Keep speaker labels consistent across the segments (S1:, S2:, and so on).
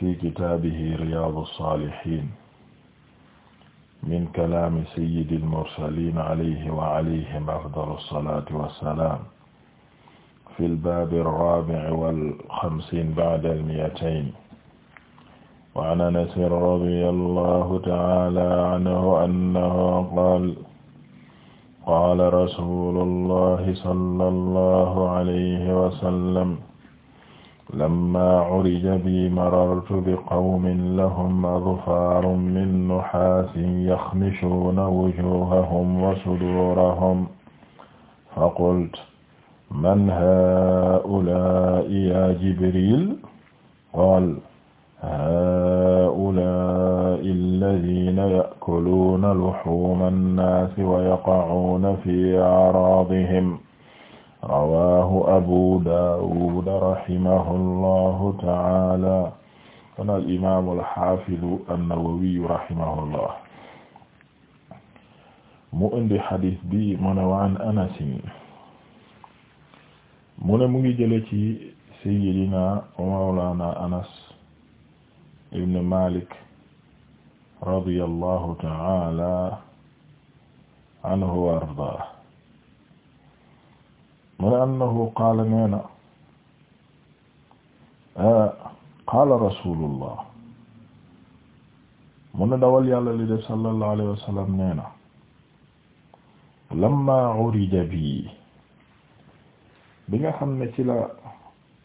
S1: fi kitaabihi riyaadu saalihiin min kalaami sayyidil mursaliin alayhi wa alayhim afdalu salaati wa salaam fil baabi raabi'i wal xamsiin ba'dal mi'atayn wa 'an anasin radiyallaahu ta'aalaa 'anhu annahu qaala qaala rasuulullaahi sallallaahu alayhi wa sallam lamma urija bi marartu bi qawmin lahum adfaarun min nuxaasin yaxmishuuna wujuuhahum wa suduurahum faqultu man haa'ulaa'i yaa jibriil qaala haa'ulaa'i allaziina ya'kuluuna luhuuma annaasi wa yaqa'uuna fii a'raadihim rawahu abu dawud rahimahu llahu taala kon al imamu alhafidu annawawiyu rahimahullah mu indi xadis bi mu ne waan anasin mu ne mu ngi jële ci sayidina wa mawlana anas ibn malik radiyallahu taala anhu wa ardah mu ne annahu qaala nee na ah, qaala rasulullah mu ne dawal yàlla li def sallallahu alayhi wa sallam nee na lamma urija bi bi nga xam ne ci la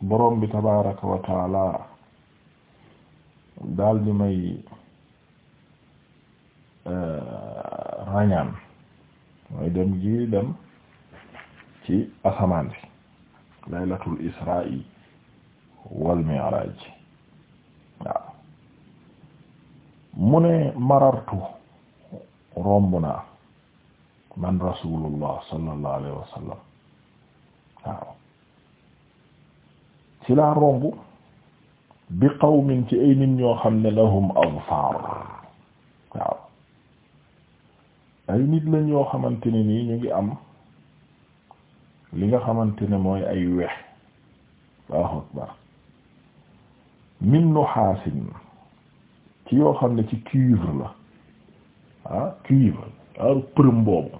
S1: borom bi tabaraka wa taala daal di may eh, rañaan mooy dem gi dem ci asamaan si laylatul isra'i wal mi'raj waaw mu ne marartu romb naa man rasulullah sallallahu alayhi laa romb bi qawmin ci ay nit ñoo ne lahum azfar ay nit la ñoo xamante nii ñu ngi am li nga xamante ne mooy ay wex waaw akbar min ci yoo xam ne ci cuivre la ah cuivre waaw përëm boobu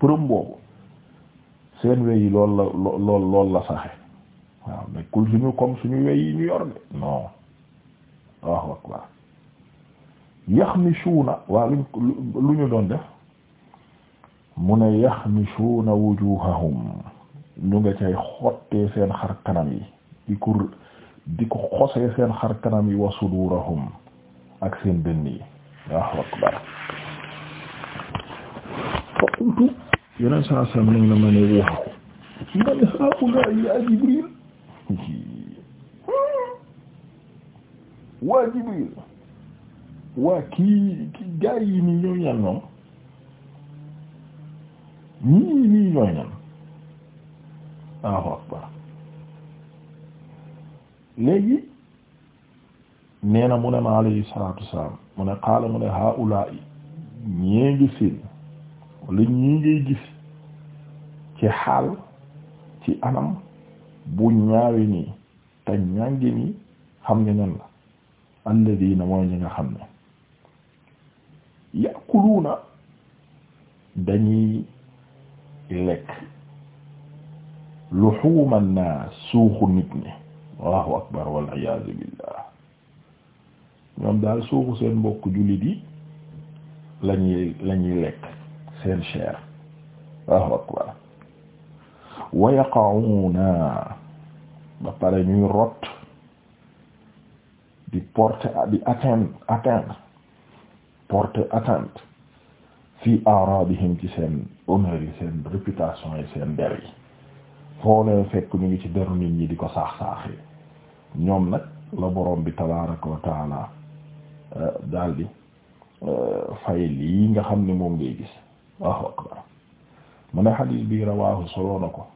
S1: përëm boobu seen wey yi lool la lool lool la saxe waaw nekkul suñu comme suñu wey yi ñu yor de non waaw akbar yaxmisuuna waaw luñ lu ñu doon def mu ne yaxmisuuna wujuhahum ñu nga cay xottee seen xar kanam yi di ko di ko xosee seen xar kanam yi wa sudurahum ak seen dënn yi waaw akbar faqultu waa Jibril gaa yi nii ñoo ñan ñoom ñii nii Allahu akbar léegi nee na mu ne ma alayhi salaatu wassalaam mu ne qaala mu ne haa'ulaa'i ñee ngi seen wala ñii ngay gis ci xaal ci anam bu ñaawi nii te ñàngi nii xam nga ñan la alladina mooy ñi nga xam ne yàkuluuna dañuy lekk luxuuma naas suuxu nit ñi allahu akbar wal iyaazu billah ñoom daal suuxu seen mbokk jullit yi lañuy lekk seen chair allahu akbar wa ba pare ñuy rot di porter di atteindre atteindre porter atteinte fi aradihim ci seen honneur yi seen réputation yi seen der yi foo leen fekk ñu ngi ci deru nit ñi di ko saax saaxee ñoom nag la borom bi tabaaraka wa taala euh, daldi euh, fay lii nga xam ni moom ngay gis waaw akbar ne xadiis bi rawaahu soloo na ko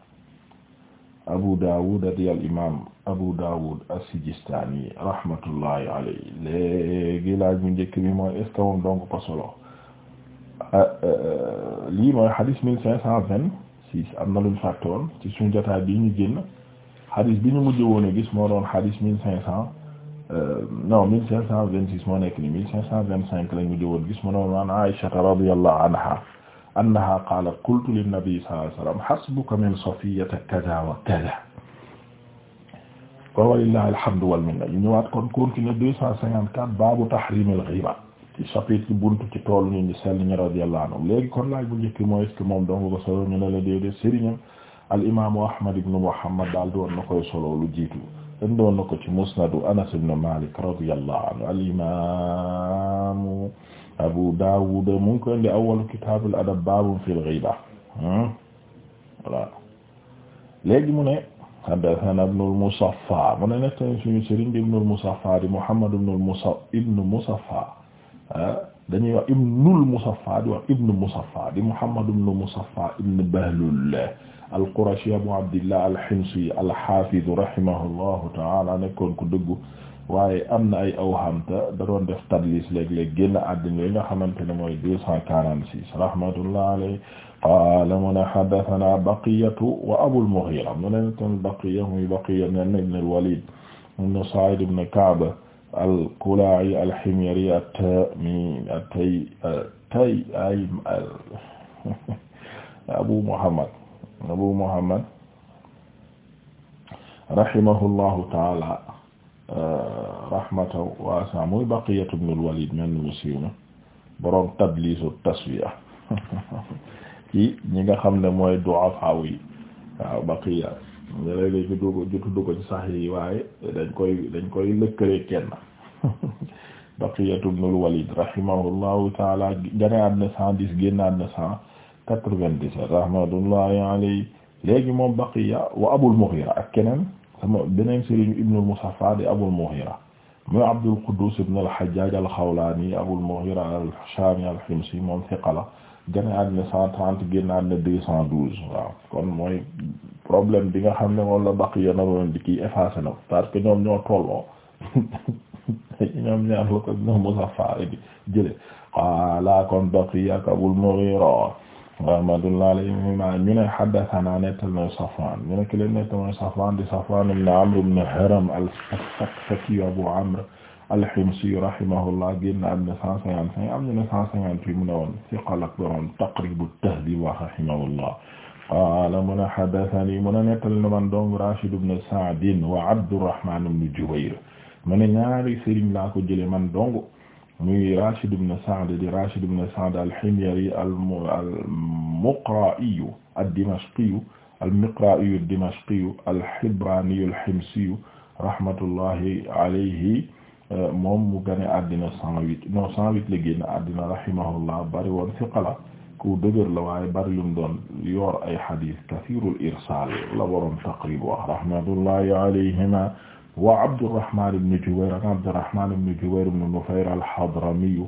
S1: Abu Dawud adi al imaam Abu Dawud as-Sijistaani rahmatullahi alayhi léegi laaj bu njëkk bi mooy est ce que moom donc ko solo euh, lii mooy xadiis mille cinq cent vingt six am na luñ fàtte woon ci suñu jotaay bi ñu génn xadis bi ñu mujj woon a gis moo doon xadis mille cinq cent euh, non mille cinq cent vingt six moo nekk ni mille cinq cent vingt cinq lañ mujj woon gis mu doon an Aisha radiyallahu anha annaha qaalat qultu linnabi sallallahu alayhi wasallam hasbuka min safiyyata kaza wa kaza wa lillahi alhamdu wal minna ñu ñëwaat kon continuer deux cent cinquante quatre baabu tahrimil ghiba ci chapitre buntu ci toolu ñu ngi sell ñi kon laaj bu njëkk mooy est-ce que moom dong ko solo ñu ne la déedéet sëriñam al imaamu Ahmad ibn Muhammad daal di woon na koy solo lu jiitu indoon na ko ci musnadu Anas ibn Malik radiyallahu anhu al imaamu Abu Dawud mu ngi koy indi awwalu kitaabul adab baabun fil ghiba hmm? voilà léegi mu ne haddathana ibnul Musaffa mu ne nekk suñu sëriñ bi ibnul Musaffa di Muhammad ibnul Musaffa ibnu Ah, dañuy wax ibnul Musaffa di wax ibnu Musaffa di Muhammad ibnu Musaffa ibnu Bahlul al-Qurashi Abu Abdillah al-Himsi al-Hafiz rahimahullahu ta'ala nekkoon ku dëggu waaye am na ay awhamta da doon def tadlis léeg-léeg génn àddina yi nga xamante ne mooy deux cent quarante-six rahmatullah alayhi qala mu ne hadathana baqiyatu wa Abul Mughira mu ne tan baqiya muy baqiya ibn al-Walid ibn Sa'id ibn Ka'b al-Kulaa'i al-Himyari at-Tamiimi atay atay ay Abu Muhammad Abu Muhammad rahimahullahu taala rahmatan waasi'a muy Baqiyatu ibn al-Walid mel ni mu siiw na boroom Tabliis at-Tasfiya ci ñi nga xam ne mooy du'afaa yi waaw Baqiya léeg-léeg ñu dugg ñu tudd ko ci sax yi waaye dañ koy dañ koy lëkkale kenn Baqiyatu ibnul Walid rahimahullahu taala gane àddina cent dix génn àddina cent quatre-vingt-dix-sept rahmatullahi alayhi léegi moom Baqiya wa Abul Mughira ak keneen sama beneen sëriñ ibnul Musaffa di Abul Mughira muy Abdul Quddus ibnul Hajjaj al-Khawlani Abul Mughira al-Shami al-Himsi moom thiqa la gane àddina cent trente génn àddina deux cent douze kon mooy problème bi nga xam ne moom la baq yonaroon di kii effacé na ko parce que ñoom ñoo tolloo ñoom ñaar la ko ñoom Musaffar di jële qaala kon baqiya Abul Mughira rahmatullah alayhima ñu ne haddathana nettal na Safwan ñu ne ki leen nettal na Safwan di Safwan ibn Amr ibn Haram al-Sakfaki Abu Amr al-Himsi rahimahullah génn am na cent cinquante cinq am na cent cinquante huit mu ne woon siqal ak borom Taqrib at-Tahdhib wa rahimahullah qaala mu ne haddathanii mu ne nettali na man dong Rashid ibn Sa'd wa Abdurrahman ibn Jubayr mu ne ñaari sëriñ laa ko jëlee man dong muy Rashid ibn Sa'd di Rashid ibn Sa'd al-Himyari al-Muqra'i ad-Dimashqi al-Miqra'i ad-Dimashqi al-Hibrani al-Himsi rahmatullahi alayhi moom mu gane àddina cent huit non cent huit la génn àddina rahimahullah bari woon siqa la ku dëgër la waaye bari lum doon yor ay xadiis kasiirul irsaal la waroon taqrib wax rahmatullahi alayhima wa Abdurrahman ibn Jubayr ak Abdurrahman ibn Jubayr ibn Nufayr al-Hadrami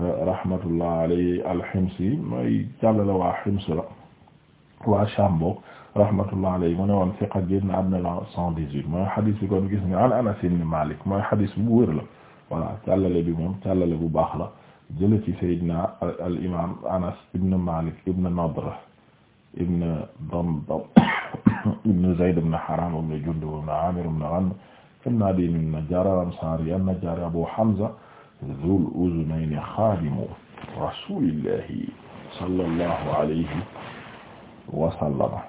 S1: rahmatullahi alayhi al-Himsi mooy jàll la waa Hims la waa Sham bokk rahmatullah alayhi mu ne woon siqa génn àdduna la 118 mooy xadis bi kon gis nga an Anas ibn Malik mooy xadis bu wér la voilà càllale bi moom càllale bu baax la jële ci Seydina al imam Anas ibn Malik ibn Nadra ibn Damdam ibn Zayd ibn Haram ibn Jundub ibn Amir ibn Ghanm ibn Adi ibn Najjar al-Ansari an-Najjari Abu Hamza Dhul Uzunayn khadimu rasulillahi sallallahu alayhi wa sallam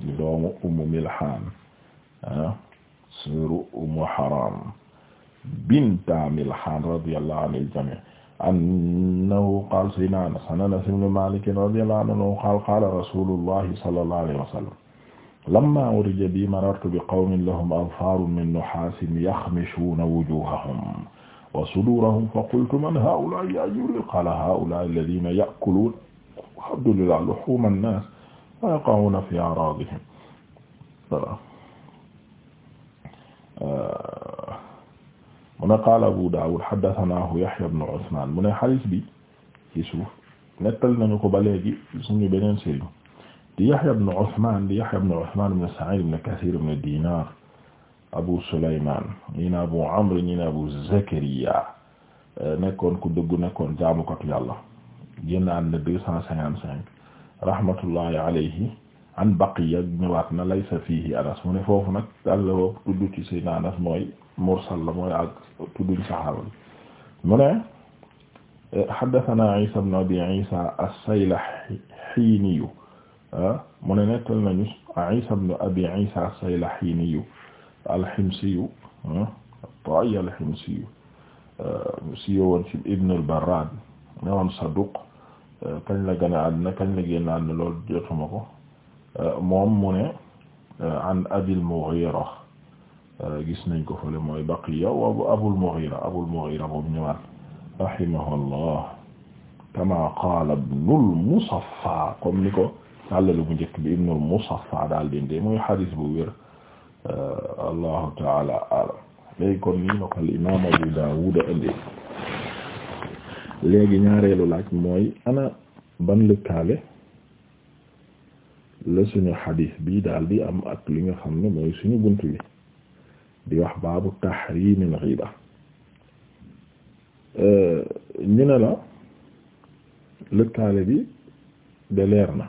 S1: di doomu Ummu Milhan ah suru Ummu Haram binta Milhan radiyallahu anil jami' annahu qaala sayyidunaa Anas an Anas ibn Maalik radiyallahu anhu qaala qaala rasuulullahi sallallahu alayhi wa sallam lammaa urija bii marartu biqawmin lahum azfaarun min nuhaasin yaxmishuuna wujuuhahum wa suduurahum faqultu man haa'ulaa'i yaa Jibriil qaala haa'ulaa'i allaziina ya'kuluuna alhamdulillah luhuuma annaas wa yaqa'una fi a'radihim voilà mu ne qaala Abu Daawud haddathanaahu Yahya ibn Usmaan mu ne xadis bi ci suuf nettal nañu ko ba léegi suñu beneen sëriñ di Yahya ibn Usmaan di Yahya ibn Usmaan ibn Sa'iid ibn Kasiir ibn Diinaar Abu Sulaymaan ñii na Abu Amr ñii na Abu Zakariya nekkoon ku dëggu nekkoon jaamukatu Yàlla génn na deux cent cinquante cinq rahmatullahi alayhi an baqiya ñëwaat na laysa fiihi anas mu ne foofu nag dalla wo tudd ci sayyidina anas mooy mursal la mooy ak tudduñ saxaaba mu ne haddathana isa ibn abi isa as-saylahiiniyu ah, mu ne nettal nañu isa ibn abi isa as-saylahiiniyu al-himsiyu at-ta'i ah, al-himsiyu ah, mu siiwoon ci ibn al-barrad newoon saduq Euh, kañ la gën a àdduna kañ la génn àdduna loolu jotuma ko euh, moom mu ne euh, an abil Mughira gis nañ ko fële mooy baqiya wa abul Mughira abul Mughira boobu ñëwaat rahimahullah kama qaala ibnul Musaffa comme ni ko tàllalu bu njëkk bi ibnul Musaffa daal dinde mooy hadis bu wér allahu taala alam léegi kon ni ma al imam Abu Dawud andi léegi ñaareelu laaj mooy ana ban lëkkaale la suñu xadiis bi daal di am ak li nga xam ne mooy suñu bunt bi di wax baabu tahrimil ghiba ñu ne la lëkkaale bi de leer na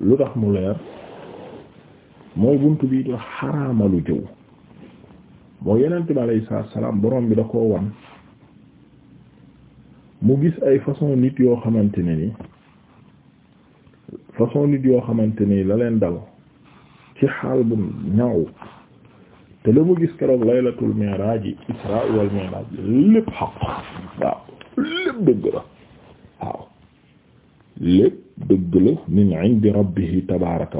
S1: lu tax mu leer mooy bunt bi di xaraamalu jëw moo yeneen bi alayhi salaam borom bi da koo wan mu gis ay façon nit yoo xamante ne ni façon nit yoo xamante ni la leen dal ci xaal bu ñaaw te la mu gis keroog laylatul mi'raj isra wal mi'raj lépp xaq waaw lépp dëgg la waaw lépp dëgg la min indi rabbihi tabaraka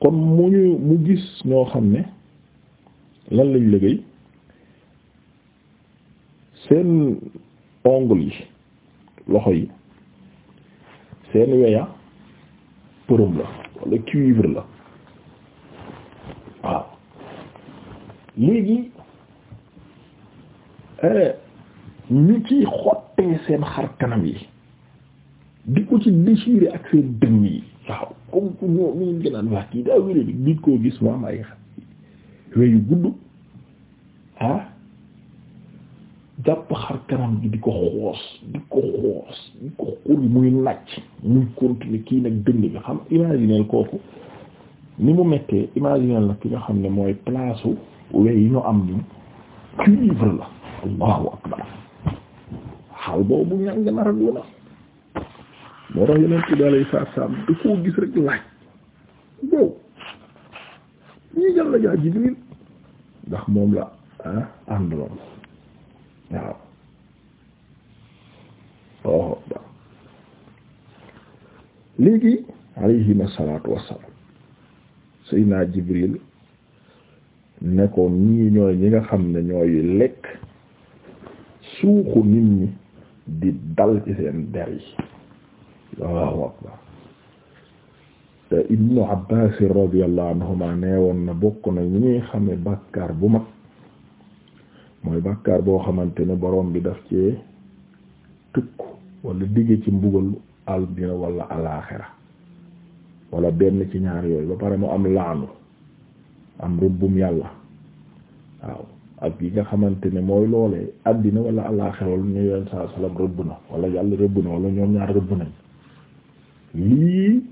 S1: kon mu ñu mu gis ñoo xam ne lan lañ liggéey seen ongle yi loxo yi seen weya përëm la wala cuivre la waaw léegi eh, ñu ci xottee seen xar kanam yi di ko ci déchiré ak seen dënn yi waaw comme que ñoo ñu ngi naan wax kii daa wéré bi nit koo gis mu am ay weyu gudd ah jàpp xar kanam gi di ko xoos di ko xoos di ko xuri muy nàcc muy continuer kii nag dënd bi xam imagineel kooku ni mu mettee imagineel nag ki nga xam ne mooy place u yi ñu am ni cuivre la allahu akbar xaal boobu ñàng nara duna moo tax yeneen ti daal yi saab saab koo gis rek laaj boobu ñii jàll la jaa Jibril ndax moom la ah ànd loolu waaw oh, waaw léegi alayhima salaatu wassalaam Seydina Jibril nekkoon ko ñii ñooy ñi nga xam ne ñooy lekk suuxu nit ñi di dal ci seen der yi te Ibnu Abbaas radiyallahu anhuma nee woon na bokk na ñu ñuy xame bàkkaar bu mag mooy bàkkaar boo xamante ne borom bi daf ci tukk wala digg ci mbugal aldina wala alaaxira wala benn ci ñaar yooyu ba pare mu am laanu am rëbbum yàlla waaw ak yi nga xamante ne mooy loole àddina wala alaaxira wala ñu yoon saa salam rëbb na wala yàlla rëbb na wala ñoom ñaar rëbb nañ lii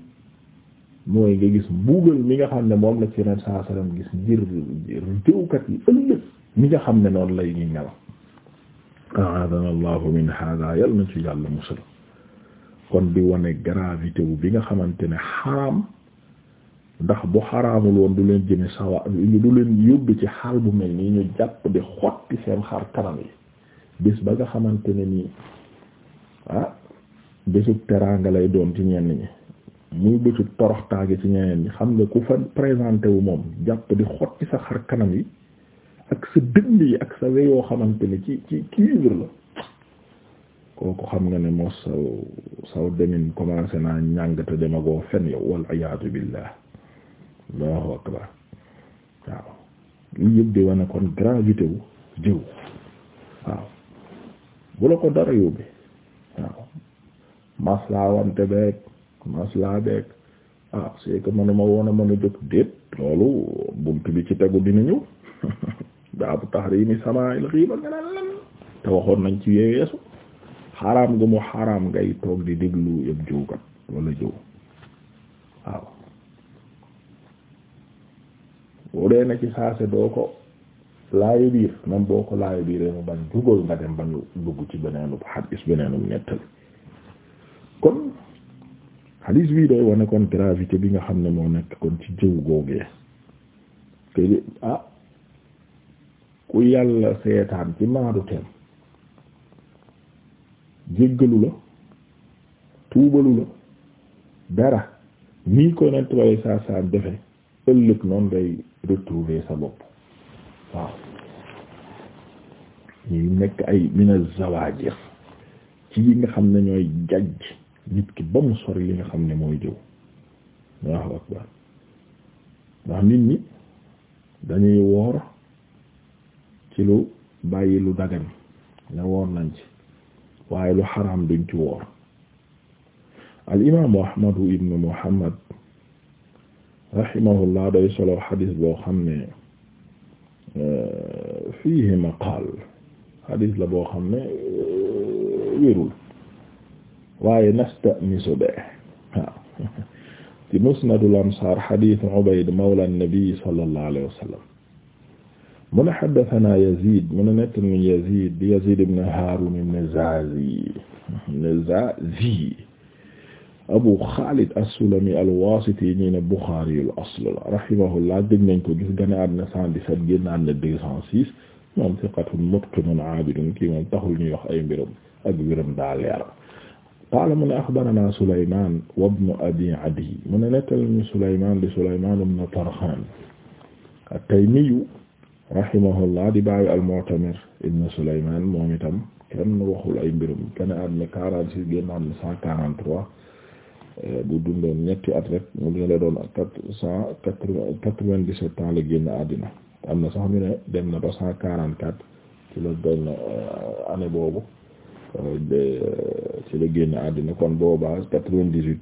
S1: mooy nga gis mbugal mi nga xam ne moom la ci yoon saa salam gis ngir jëwkat yi ëllëg ni nga xam ne noonu lay ñuy mel a'adana allahu min hada yal na ci yàlla musal kon di wane gravité wu bi nga xamante ne xaraam ndax bu xaraamul woon du leen jëme sawa du leen yóbbu ci xaal bu mel nii ñu jàpp di xotti seen xar kanam yi bés ba nga xamante ne nii ah bésub teraanga lay doon ci ñenn ñi muy bésub toroxtaage ci ñeneen ñi xam nga ku fa présenté wu moom jàpp di xotti sa xar kanam yi ak sa dënd yi ak sa weyoo xamante ne ci ci cuivre la kooku xam nga ne moo saw saw demin commencé naa ñàngate demagoo fen yow wal iyaadu billah waaw li yëpp di wane kon gravité jëw waaw bu la ko dara yóbbee waaw maslaa wante beeg maslaa beeg ah c'est que manuma woon a mën jóg déet loolu bunt bi ci tegu dina ñëw baabu tahrimi sama'il ghiba nga naan lan te waxoon nañ ci yeesu xaraam gu mu xaraam ngay toog di déglu yëpp jowkat wala jow waaw boo na ci saase doo ko laayu biir même boo ko laayu biir mu ban jugal nga dem ban dugg ci beneenub xadis beneenub nettali kon xadis bii day wane kon gravité bi nga xam ne moo nekk kon ci jëw googee te ah ku yàlla seetaan ci maadu teem la tuubalu la dara nii ko nent bale saa saa defe ëllëg noonu retrouver sa bopp waaw ñuy nekk ay mina zawaajir ci yi nga xam ne ñooy jajj nit ki ba mu sori li nga xam ne mooy jëw waaw ak ndax nit ñi dañuy woor ci lu bàyyi lu dagan ne woor nañ ci waaye lu xaraam duñ ci woor al imaamu ahmadu ibnu muhammad rahimahullah day solo xadis boo xam ne euh, fiihi maqaal xadis la boo xam ne euh, wérul waaye nastanisu be waaw ci ansaar xadis ubayd mawla an-nabi sallallahu mu ne haddathana Yazid mu ne nettali ñu Yazid di Yazid ibn Harun ibn Zazi ibn Zazi Abu Khalid as-Sulami al-Wasiti ñi ne Bukhari al-asl rahimahullah dégg nañ ko gis gane àddina 117 génn àddina 206 moom thiqatun mutqinun aabidun kii moom taxul ñuy wax ay mbiram ak mbiram daa leer qaala mu ne akhbarana Sulayman wa ibn Abi Adi mu ne nettali ñu Sulayman di Sulayman ibn Tarkhan at-Taymi rahimahullah di bàyyi al-Mu'tamir ibn Sulaymaan moom itam kenn waxul ay mbirum kenn àdduna 46 génn àdduna 143 eh, bu dundoon ñetti at rek mu ngi la doon 497 ans la génn àdduna am na sax ñu ne dem na ba 144 ci la benn eh, année boobu eh,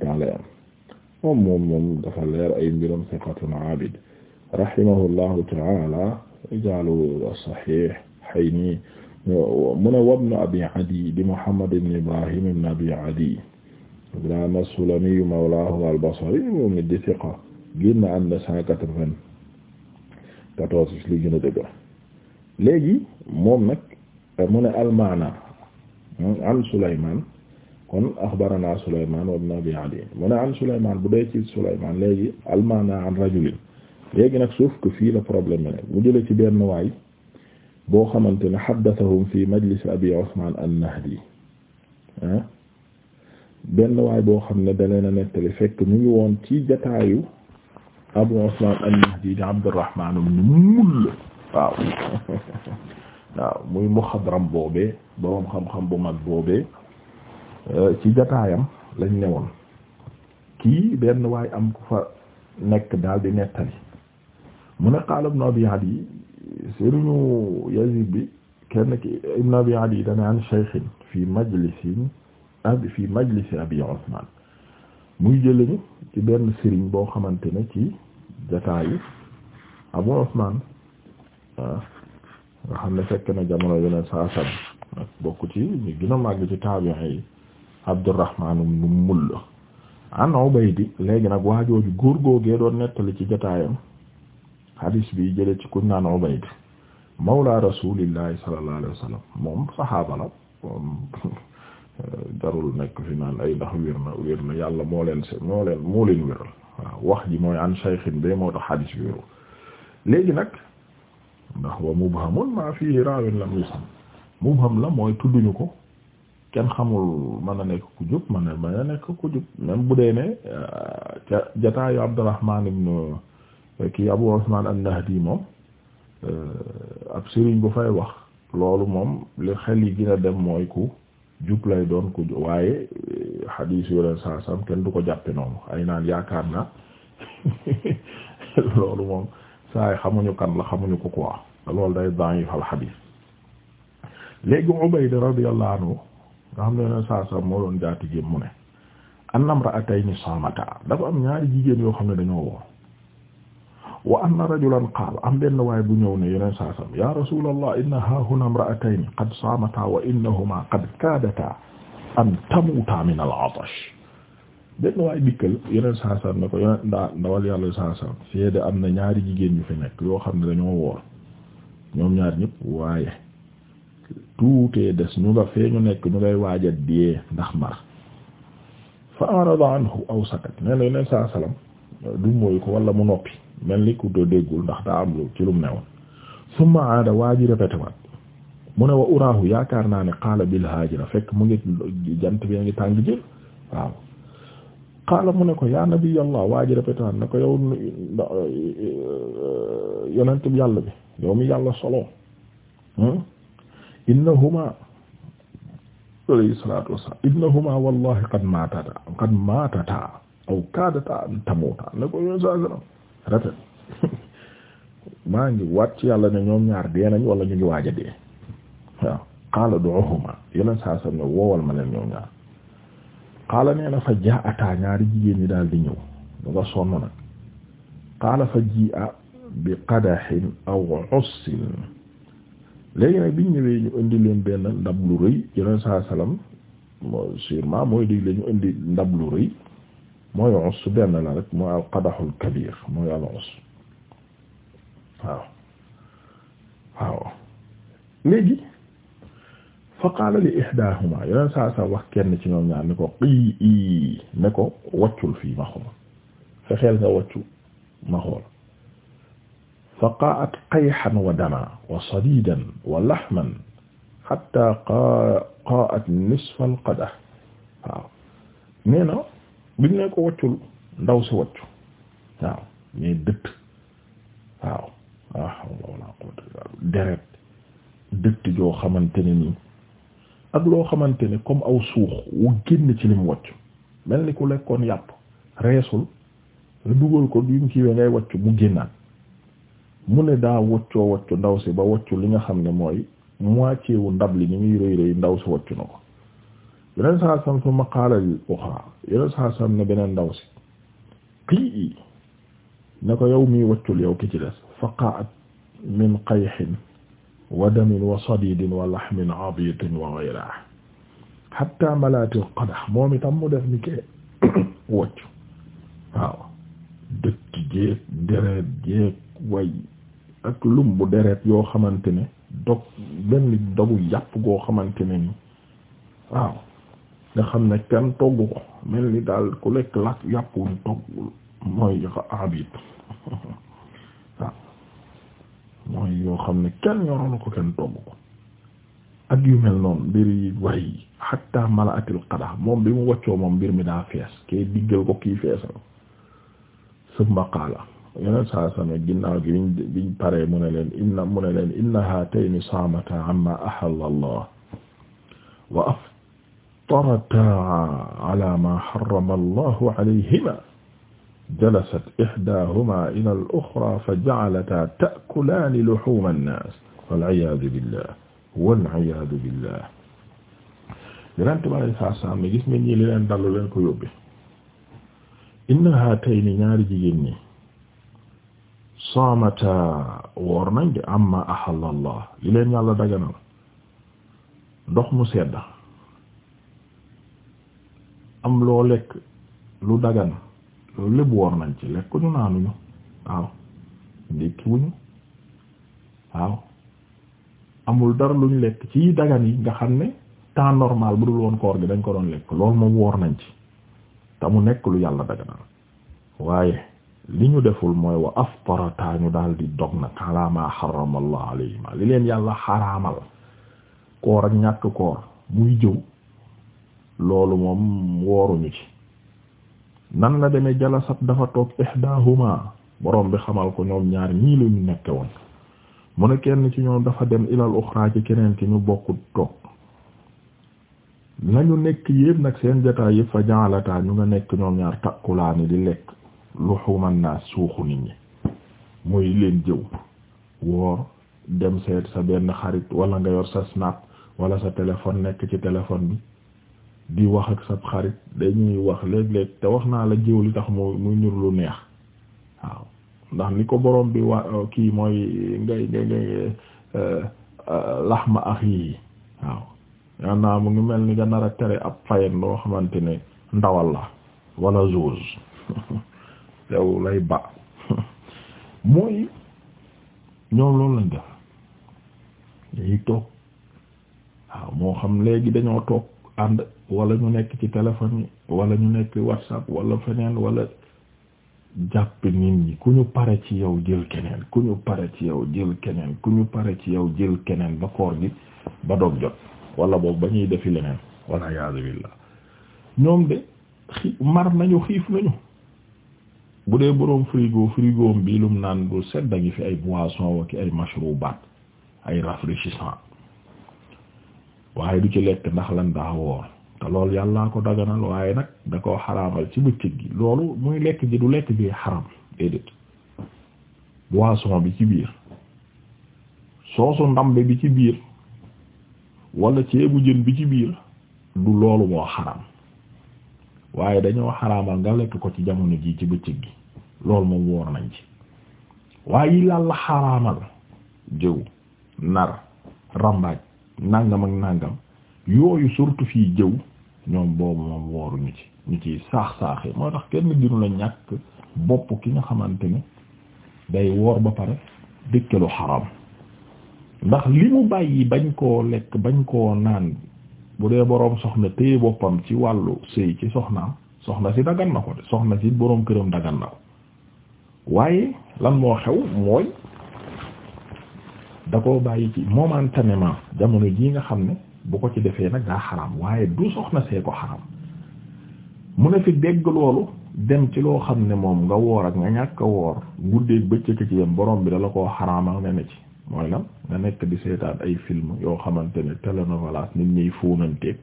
S1: am moom moom moom leer ay mbirum siqatun abid rahimahullahu ta'ala rijaalu as-sahih hayni mu ne wabnu abi adi di muhammad ibn ibrahim ibn abi adi ibrahim as-sulami mawlaahu al-basri moom it di thiqa génn am na cent quatre-vingt-quatorze li gën a dëgg léegi moom nag mu ne al-ma'na an sulayman kon axbarana sulayman wa ibn abi adi mu ne an sulayman bu dee ci sulayman léegi al-ma'na an rajulin léegi nag suuf que fii la problème ne mu jëlee ci benn waay boo xamante ne haddathahum fi majlis abi Usman an-Nahdi ah benn waay boo xam ne da leen a nettali fekk ñu ngi woon ci jataayu Abu Usman an-Nahdi di Abdurrahman ibn Mull waaw waaw muy muxadram boobee boroom xam-xam bu mag boobe eh, ci jataayam lañ newoon kii benn waay am ku fa nekk daal di nettali mu ne qaala ibn abi adi sëriñu yazid bi kenn ki ibn abi adi dane an shaykhin fi majlisin abi fi majlisi abi usman muy jëlañu ci benn siriñ boo xamante ne ci jataayu abu usman ah xam ne fekk na jamono yeneen saa sam nag ci ñu gën a màgg ci taabi'in yi abdurrahman ibn mull an ubaydi léegi nag waajooju góor googee doon nettali ci jataayam hadis bi jële ci kuñ naan Ubayd mawla rasulillahi sallallahu alayhi wa sallam moom saxaaba la moom darul nekk fi naan ay ndax wér na wér na yàlla moo leen se moo leen moo leen wéral waaw wax ji mooy an shaykhin ba moo tax hadis bi wéru léegi nag ndax wa mubhamun ma fihi raawin lam yusam mubham la mooy tudduñu ko kenn xamul mën a nekk ku jub mën a mën a nekk ku jub même bu dee ne euh, ca jataayu Abdurrahman ibn kii Abu Usman an-Nahdi moom euh, ab sëriñ bu fay wax loolu moom li xel yi gën dem mooy ku jub lay doon ku waaye euh, xadiis yu leen saa sam kenn du ko jàppe noonu ay naan yaakaar na loolu moom saa yi xamuñu kan la xamuñu ko loolu day da'if al xadiis léegi Ubayd radiyallahu anhu nga xam ne leen saa sam moo doon jaati mu ne an-imra'atayni saamata dafa am ñaari jigéen yoo xam ne dañoo woor wa anna rajulan am benn waay bu ñëw ne yeneen saa ya rasulallah inna haahuna imra'atayni qad saamata wa innahuma qad kaadata an tamuuta min al-'atash benn waay dikkal yeneen saa sam ne ko yeneen ndaa ndawal yàlla saa sam seede am na ñaari jigéen ñu fi nekk yoo xam ne dañoo woor ñoom ñaar ñëpp waaye tuutee des ñu nga fee nekk ñu ngay waaja dee ndax mar fa arada anhu aw sakat ne la yeneen du mooy ko wala mu noppi mel ni ku do déggul ndax daa am lu ci lum newoon summa aada waa ji mu ne wa uraahu yaakaar naa ne qaala bil haajira fekk mu ngi jant bi ngi tàng jël waaw qaala mu ne ko yaa nabiyallah waa ji ne ko yow eh, yonent bi yàlla bi yow mi yàlla solo hmm? innahuma innahuma wallahi qad matata qad matata aw kaadata an ne ko yoon saa rafet maa ngi ci yàlla ne ñoom ñaar dee nañ wala ñu ngi waaj a dee waaw qaala du'uhuma yeneen saa sam ne woowal ma leen ñoom ñaar qaala nee na fa jaa ataa ñaari jigéen ñi daal di ñëw da nga sonn nag qaala fa ji a bi qadahin aw ussin léegi nag mooy digle ñu indi ndab lu rëy mooy us benn la rek mooy al qadaxul kabir mooy al us waaw waaw léegi fa qaala li ihdaahuma yoneen saa saa wax kenn ci ñoom ñaar ni ko qii ii ne ko waccul fii ma xool fexeel nga waccu ma xool fa qaa'at qayxan wa dama wa sadiidan wa laxman xatta qaa'at nisfal qadax waaw nee na biñ leen ko waccul ndaw si waccu waaw mais dëtt waaw waaw walla deret dëtt joo xamante ne nii ak loo xamante ne comme aw suux wu génn ci lim waccu mel ni ku lekkoon yàpp reesul lu dugal ko duñ ci we ngay waccu mu génnaat mu ne daa waccoo waccu ndaw si ba waccu li nga xam ne mooy moitié wu ndab li ni muy rëy rëy ndaw si waccu na ko yeneen saa sam summa qaala lil uxraa yeneen saa sam ne beneen ndaw si qii ne ko yow mii wëccul yow ki ci des faqa'at min qayhin wa damin wa sadidin wa lahmin aditin wa ghayrihi hatta malaatil qadah moom itam mu def ni kee wëccu waaw dëkk jeeg deret jeeg way ak lum bu deret yoo xamante ne dog benn dogu yàpp goo xamante ne ni waaw nga xam ne kenn togg ko mel ni daal ku lekk lakk yàppun toggul mooy abid waaw mooy yoo xam ne kenn ñoroon ko kenn togg ko ak yu mel noonu mbir yi way hatta malaatil qada moom bi mu waccoo moom mbir mi daa fees kay diggal ko kii feesal summa qaala yeneen saa same gi biñ biñ paree mu mu ne leen inna haatayni saamata amma ahalla allah iftarataa ala ma harrama allahu alayhima jalasat ihdaahuma ila al-uxraa fa jacalataa taakulaani luxuuma annaas wal-ciyaadu billah wal-ciyaadu billah yonent bi alayhi salaatu wa salaam gis ngeen ñi li leen dal leen ko yóbbee inna haatayni ñaari jigéen ñi saamataa woor nañ de amma ahalla allah li leen yàlla daganal ndox mu sedd am loo lekk lu dagan loolu lépp woor nañ ci lekk ñu naanuñu waaw ndékkiwuñu waaw amul dara luñ lekk ci dagan yi nga xam ne temps normal bu dul woon koor gi dañ ko doon lekk loolu moom woor nañ ci te mu nekk lu yàlla daganal waaye li ñu deful mooy wa aftarata ñu daldi di dog nag ala ma xarama li leen yàlla xaraamal koor ak ñàkk koor muy jëw loolu moom wooruñu ci nan la demee jalasat dafa toog ihdahuma borom bi xamal ko ñoom ñaar ñii la nekke woon mu ne kenn ci ñoom dafa dem ilal uxra ci keneen ki ñu bokku toog nañu nekk yépp nag seen jotaay yépp fa jaalataa ñu nga nekk ñoom ñaar takkulaani di lekk luxuman naa suuxu nit ñi muy leen jëw woor dem seet sa benn xarit wala nga yor sa snap wala sa téléphone nekk ci téléphone bi di wax ak sa xarit dañuy wax léeg-léeg te wax naa la jëw li tax mu mu ñur lu neex waaw ndax li ko borom bi wa euh, kii mooy ngay ngay ngay euh, euh, laxma ak yi waaw yaa naa mu ngi mel ni nga nar ak tere ab fayen loo xamante ne ndawal la wala zose yow lay ba mooy ñoom loolu lañ def dañuy toog waaw moo xam léegi dañoo toog ànd walla ñu nekk ci téléphone yi wala ñu nekk whatsapp wala feneen walla jàpp nit ñi ku ñu pare ci yow jël keneen ku ñu pare ci yow jël keneen ku ñu pare ci yow jël keneen ba koor gi ba doog jot wala boobu ba ñuy defi leneen wala yaazu billah ñoom de xi mar nañu xiif nañu bu dee boroom frigo frigoom lu mu naan bu set a ngi fi ay boisson wa ki ay mashrubat ay rafraîchissant waaye du ci lekk ndax lan daa woor te loolu yàllaa ko daganal waaye nag da koo xaraamal ci bëccëg gi loolu muy lekk ji du lekk bii xaram déedéet boisson bi ci biir soosu ndambe bi ci biir wala ceebu bi ci biir du loolu moo xaram waaye dañoo xaraamal nga lekk ko ci jamono ji ci bëccëg gi loolu moom woor nañ ci waaye yi la xaraamal jëw nar rambaaj nangam ak nangam yooyu surtout fii jëw ñoom boobu moom wooruñu ci ñu ciy saax-saaxee moo tax kenn gënu la ñàkk bopp ki nga xamante ni day woor ba pare dëkkelu xaram ndax li mu bàyyi bañ koo lekk bañ koo naan bu dee boroom soxna téye boppam ci wàllu sëy ci soxnaam soxna si dagan na ko de soxna si boroom këram dagan na ko waaye lan moo xew mooy da koo bàyyi ci momentanément jamono jii nga xam ne bu ko ci defee nag daa xaraam waaye du soxna see ko xaraam mu ne fi dégg loolu dem ci loo xam ne moom nga woor ak nga ñàkk a woor guddeeg bëccëg ci yem borom bi dala koo xaraamal nga ne ci mooy lan nga nekk di seetaan ay film yoo xamante ne télénovelas nit ñuy fóonanteeg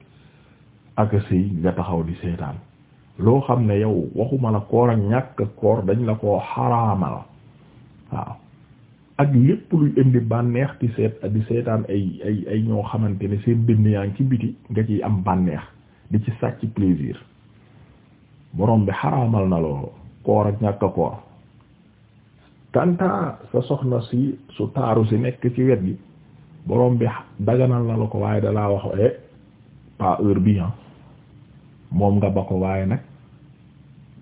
S1: ak sëy nga taxaw di seetaan loo xam ne yow waxuma la koor ak ñàkk koor dañ la koo xaraamal waaw ak lépp luy indi bànneex di seet di seetaan ay ay ñoo xamante ne seen dënn yaa ngi ci biti nga ciy am bànneex di ci sàcc plaisir borom bi xaraamal na loolu koor si nekk ci wet gi borom la ko waaye dalaa wax e pas heure bi ah moom nga ba ko waaye nag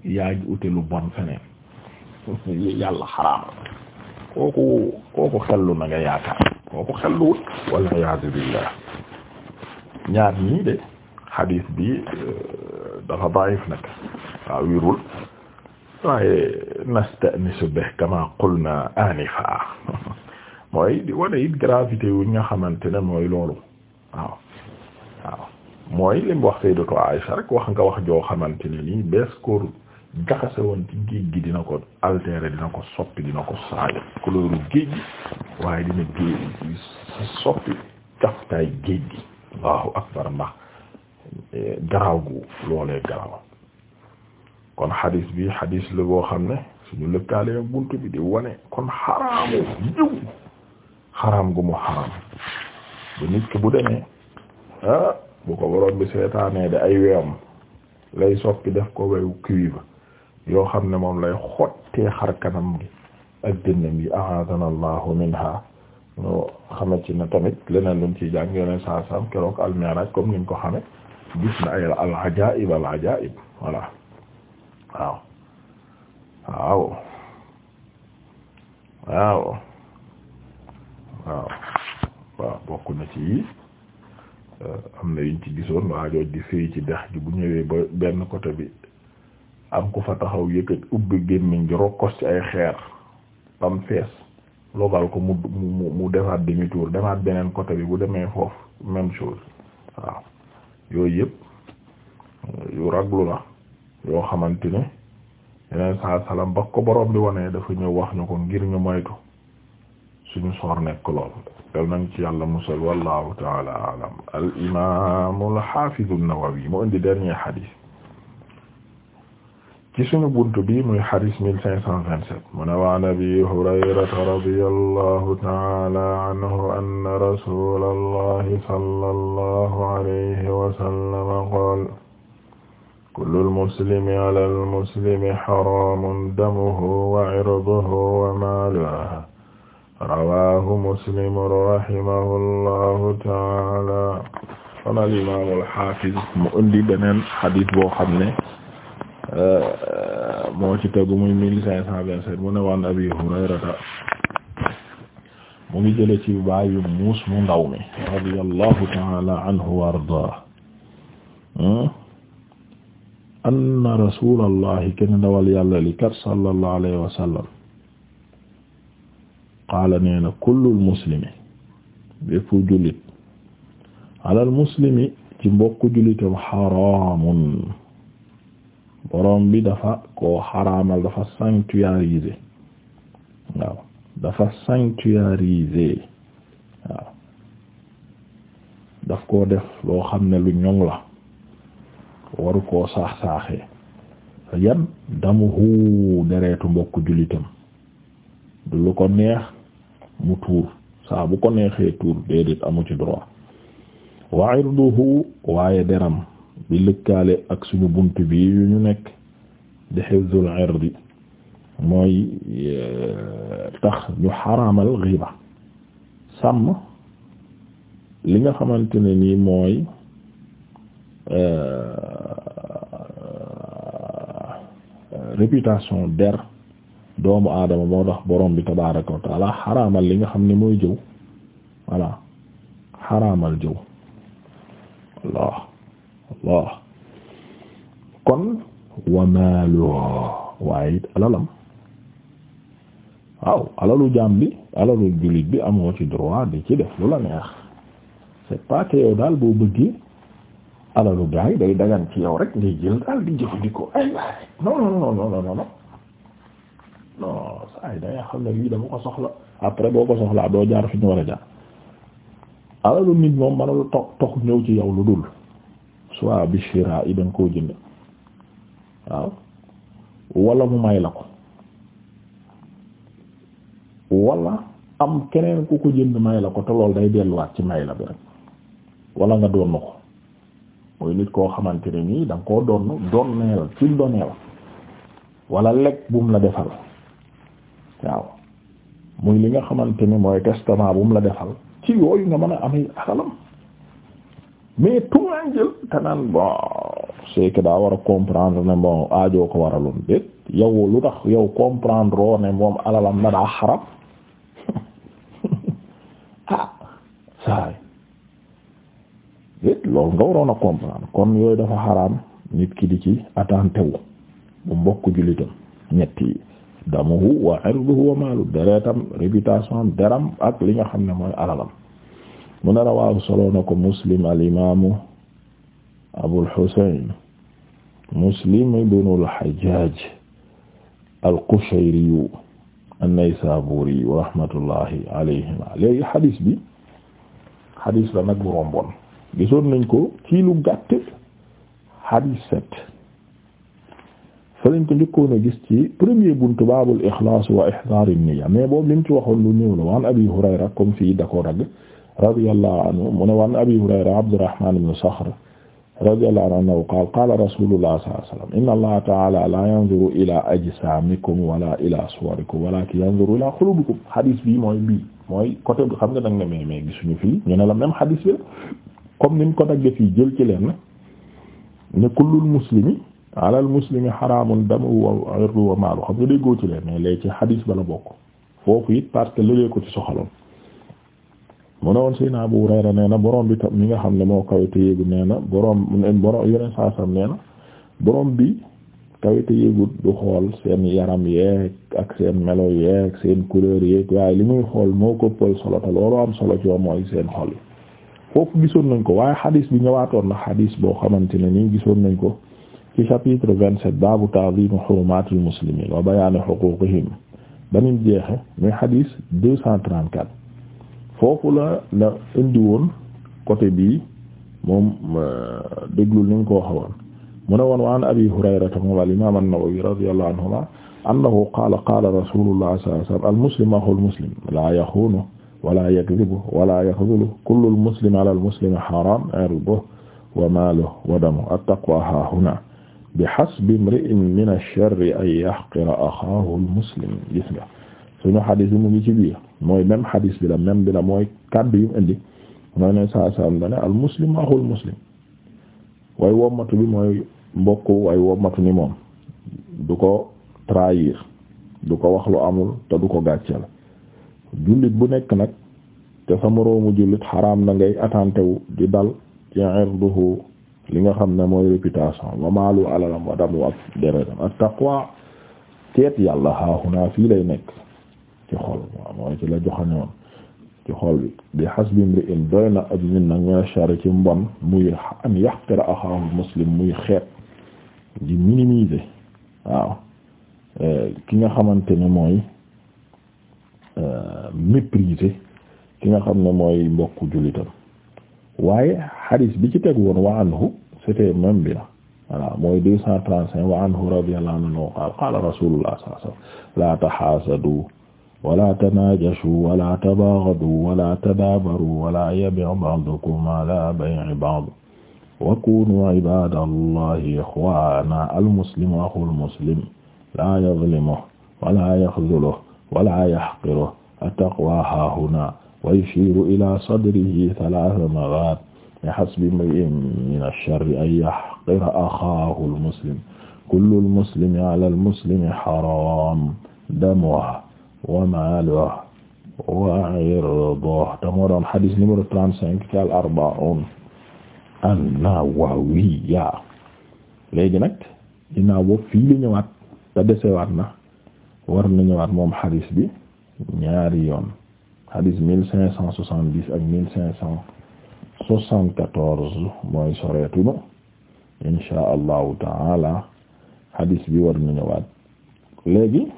S1: yaa ngi ute lu bon feneen yàlla xaraamal kooku kooku xellu na nga yaakaar kooku xelluwul wal iyaazu billah ñaar ñii de xadiis bi euh, dafa da'if nag waaw waaye nasta'nisu bih kama qulna anifa mooy di wane it gravité wu nga xamante ne mooy loolu waaw mooy lim wax Sayyidatu Aisha rek wax nga wax joo xamante ne nii bees koor jaxase woon ci géej gi dina ko altérer dina ko soppi dina ko saaja couleur géej gi waaye dina géej gi soppi caftaay géej gi allahu akbar ndax e, garaaw gu loolee garaaw kon xadiis bi xadis la boo xam ne suñu lëkkaale buntu bi di wane kon xaraamu jiw xaraam gu mu xaraam bu nit ki bu demee ah, bu ko borom bi seetaanee de ay weewam lay soppi def ko wewu kiwi ba yoo xam ne moom lay xottee xar kanam gi ak dënnam yi ahadana minha ñoo xame ci na tamit leneen luñ ci jàng yoneen saa sam keroog almiraj comme niñ ko xame gis na ay al ajaib al ajaib voilà waaw waaw waaw bokk na ci yi euh, am na yuñ ci gisoon waajoo di fii ci dex gi bu ñëwee ba benn côté bi am ku fa taxaw yëkkat ubbi gémmiñ gi rokkos ci ay xeer bam fees logal ko mu mu mu defaat demi tour demaat beneen côté bi bu demee foofu même chose waaw yooyu yëpp euh, yu raglu la yoo xamante ne yeneen saa salaam ba ko borom bi wanee dafa ñëw wax ñu ko ngir ñu moytu suñu soor nekk lool yal nañ ci yàlla musal wallahu taala alam la imaamul xaafizu Nawawi mu indi dernier xadiis ci sunu buntu bi muy hadis mille cinq cent vingt-sept mu ne wa an abi hurayrata radiyallahu ta'ala anhu anna rasulallahi sallallahu alayhi wa sallam qaala kullul muslimi alal muslimi haramun damuhu wa irduhu wa maaluhu rawaahu muslim rahimahullahu ta'ala kon al imaam al haafiz mu indi beneen hadis boo xam ne Euh, moo ci tegu muy mille mu ne waan mu ngi jële ci baayu muus mu ndaw mi radiyallahu ta'ala anhu wa ardaah hmm? anna rasulallahi kenn dawal yàlla li kat sallallahu alayhi wa sallam qaala nee na kullul muslimi bépp jullit alal muslimi ci mbokku jullitam xaraamun borom bi dafa ko xaraamal dafa sanctuariser waaw dafa sanctuariser waaw daf koo def loo xam ne lu ñoŋ la waru koo saax saaxee yan damu huu deretu mbokk jullitam du lu ko neex mu tuur saa ko neexee tuur déedéet amu ci droit wa irduhu waaye deram bi lëkkaale ak suñu bunt bi yu ñu nekk di hifzul irdi mooy euh, tax ñu xaraamal riba sàmm li nga xamante ne nii mooy euh, réputation der doomu aadama moo tax borom bi tabaaraka wa taala li nga xam ne mooy jëw voilà xaraamal jëw Allah waaw kon wamaalu waaye it alalam waaw alalu jaam bi alalu jullit bi amoo ci droit di ci def lu la neex c'est pas que yow daal boo bëggee alalu gaa yi day dagan ci yow rek ngay jël daal di jëfandikoo ay waay non non non non non saa yi da xam ne lii dama ko soxla après boo ko soxlaa doo jaar fi ñu war a jaar alalu nit moom mënul tox tox ñëw ci yow lu dul. soit bi shira yi danga koo jënd waaw wala mu may la ko wala am keneen ku ko jënd may la ko te loolu day delluwaat ci may la bi rek wala nga doon ko mooy nit koo xamante ne nii da nga koo doon doon nee la ci donee la wala lekk bu mu la defal waaw muy li nga xamante ni mooy testament bu mu la defal ci yooyu nga mën a amee xalam mais tugaan jël te naan bon c'est daa war a comprendre ne bon aajoo ko waraloon déet yow lu tax yow comprendre ne moom alalam na daa xaram ah saay déet nga waroon a comprendre kon yooyu dafa xaram nit ki di ci attente wu bu mbokk jullitam ñetti yi damuhu wa irduhu wa maalu deretam réputation deram ak li nga xam ne mooy alalam mu ne rawaahu solo na ko muslim al imaamu abul husayn muslim ibnul hajjaaj al qushayriyu an-naysaburi rahmatullahi alayhima léegi hadis bi hadis la nag bu romboon gisoon nañ ko ci lu gàtt hadis sept fa ko njëkkoon a gis ci premier buntu baabul ixlaas wa ihdaar an-niyya mais boobu lim ci waxoon lu néew la waan abi hurayra comme fii d'accord ak radiyallahu anhu mu ne waan abi hurayra abdurrahman ibn sakhr radiyallahu anhu annahu qaala qaala rasulullah sallallahu alayhi wa sallam inna allaha ta'ala la yanzuru ila ajsamikum wala ila suwarikum walakin yanzuru ila qulubikum hadis bi mooy bi mooy côté bi xam nga nag ne mais mais gisuñu fii ñu ne la même hadis bi la comme ni mu ko dagge fii jël ci leen ne kullul muslimi ala al muslimi haramun damuhu wa irduhu wa maaluhu xam nga déggoo ci leen mais léegi ci hadis bala bokk foofu it parce que lëlee ko ci soxaloon mu ne woon Seydina Abu Hurayra nee na borom bi tam mi nga xam ne moo kawe te yéegul nee na borom borom yeneen saa sam nee na borom bi kawe te du xool seen yaram yeeg ak seen melo yeeg seen couleur yeeg waaye li muy xool moo ko ëppal solo te loolu am solo ci mooy seen xol yi. foofu gisoon nañ ko waaye xadis bi ñëwaatoon na xadis boo xamante ne nii gisoon nañ ko ci chapitre vingt-sept baabu ta'zimu hurumatil muslimin wa bayaani huquqihim ba nim jeexe muy xadis deux cent trente-quatre foofu la la indi woon côté bii moom déglul ni nga ko waxee woon mu ne woon wa an abi hurayrata moom al imam an-nawawi radiyallahu anhuma annahu qaala qaala rasulullah sallallahu alayhi wasallam al muslim akhul muslim la yaxuunu wala yakdibu wala yaxdulu kullu al muslim ala al muslimi haram irduhu wa maaluhu wa damuhu at-taqwa haahuna bi hasbi imri'in min ash-sharri an yahqira axaahu al muslim gis nga suñu xadis bi mu ngi ci biir mooy même xadis bi la même bi la mooy kàddu yu mu indi mooy ne saa saa mu ne al muslim muslim way wommatu bi mooy mbokk way wommatu ni moom du ko trahir du ko wax lu amul te du ko gàcceel jullit bu nekk nag te sa moroomu jullit xaraam na ngay attente wu di dal ci irduhu li nga xam ne mooy réputation wa maalu alalam wa damu ak deretam at taqwa teet yàlla xaaxunaa fii lay nekk ci xol waaw mooy ci la joxane woon ci xol bi bi hasbi imri'in doy na ab nit nag mina sharri ci mbon muy an yahqira muslim muy xeet di minimiser waaw euh, ki nga xamante ne mooy euh, mépriser ki nga xam ne mooy mbokku jullitam waaye hadis bi ci teg woon wa anhu c'était même bi na voilà mooy deux cent trente-cinq wa anhu radiyallahu anhu qaala qaala rasulullah sallallahu alayhi wa sallam la wala tanaajashu wala tabaagadu wala tadaabaru wala yabi' ba'dukum ala bay'i ba'd wa kunu ibaadallahi ixwaana almuslimu axul muslim laa yazlimuhu wala yaxzuluhu wala yaxqiruhu attaqwaa haahunaa wa yushiiru ilaa sadrihi salaasa marraat bihasbi imri'in mina sharri an yaxqira axaahu almuslim kullu almuslimi ala almuslimi haraam damuhu wa maalo wa irdo te xadis numéro trente-cinq ci al arbaun an-Nawawiya léegi nag dinaa boobu fii la ñëwaat te desewaat na war na ñëwaat moom xadis bi ñaari yoon xadis mille cinq cent soixante-dix ak mille cinq cent soixante-quatorze mooy soreetunu insha allahu taala xadis bi war na ñëwaat léegi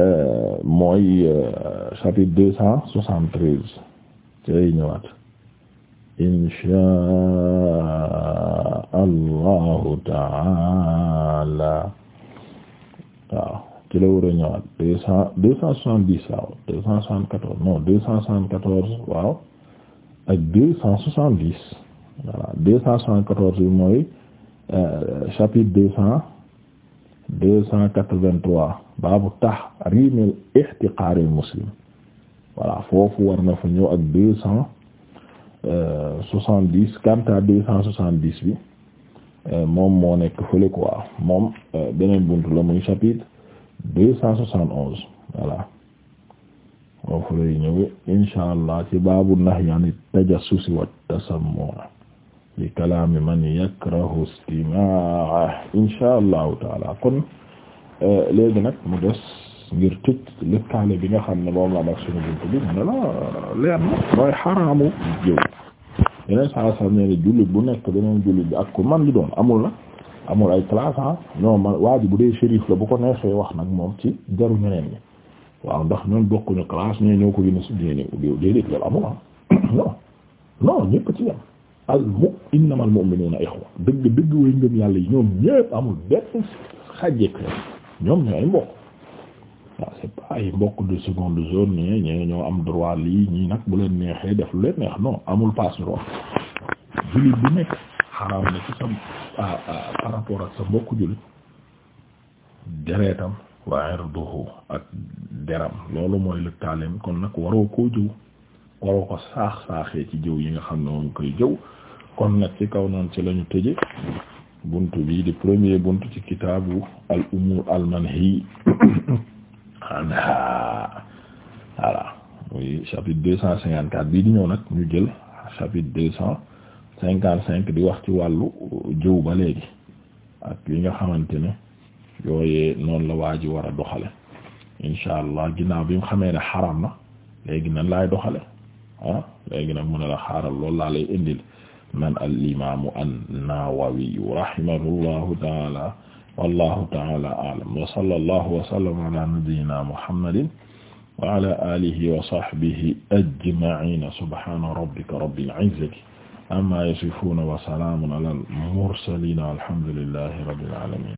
S1: Euh, mooy euh, chapitre deux cent soixante treize cay ñëwaat inshaa allahu taala waaw ci la war a ñëwaat deux cent deux cent soixante dix waaw deux cent soixante quatorze non deux cent quatorze waaw ak deux cent soixante dix voilà deux cent soixante quatorze bi mooy euh, deux cent quatre-vingt-trois baabu tahriimil ihtiqaaril muslim voilà foofu war na ak deux cent euh, soixante dix kanta deux cent soixante bi euh, moom moo nekk fële quoi moom euh, beneen buntu la muy chapitre deux cent soixante onze voilà foofu lay ñëwee insha allah ci baabu nahyi ani tajassusi wa tasammu'i li kalaami man yakrahu istimaa'ahu insha allahu taala kon Euh, léegi nag mu des ngir tëj lëkkaale bi nga xam ne moom la am ak suñu buntu bi mu ne la leer na mooy xaraamu jëw yeneen saa saa ne jullit bu nekk beneen jullit bi ak ko man di doon amul nag amul ay classe ah ñoo man waa ji bu dee shérif la bu ko neexee wax nag moom ci jaru ñeneen ñi waaw ndax ñoom bokkuñu classe ñoo ñoo ko gën a si diine déedéet loolu amul ah non non ñëpp ci yam al mu innamal mu'minuuna ixwa dëgg dëgg way yàlla yi amul benn xàjjee ñoom ñooy mbokk waaw c'est pas ay mbokk de seconde zone ñee ñoo am droit lii ñii nag bu leen neexee def lu leen neex non amul passe jullit bu nekk xaraam na ci sa par rapport ak sa mbokk jullit deretam wa irduhu ak deram loolu mooy lu taalim kon nag waroo koo jëw waroo ko saax saaxee ci jëw yi nga xam ne moom koy jëw kon nag ci kaw noonu ci lañu tëje bunt bii di premier bunt ci kitaabu al umur al manhi anha voilà oui chapitre deux cent cinquante quatre bii di ñëw nag ñu jël chapitre deux cent cinquante cinq di wax ci wàllu jëw ba léegi ak yi nga xamante ne yooyee noonu la waa ji war a doxale incha allah ginnaaw bi mu xamee ne xaram na léegi nan laay doxale ah léegi nag mu ne la xaaral loolu laa lay indil man al-imaamu an-Nawawi rahimahullahu taala wallahu taala a'lam wa sallallahu wa sallama ala nabiyyina Muhammadin wa ala alihi wa sahbihi ajma'in subhana rabbika rabbil izzati amma yasifun wa salamun ala al-mursalin walhamdulillahi rabbil alamin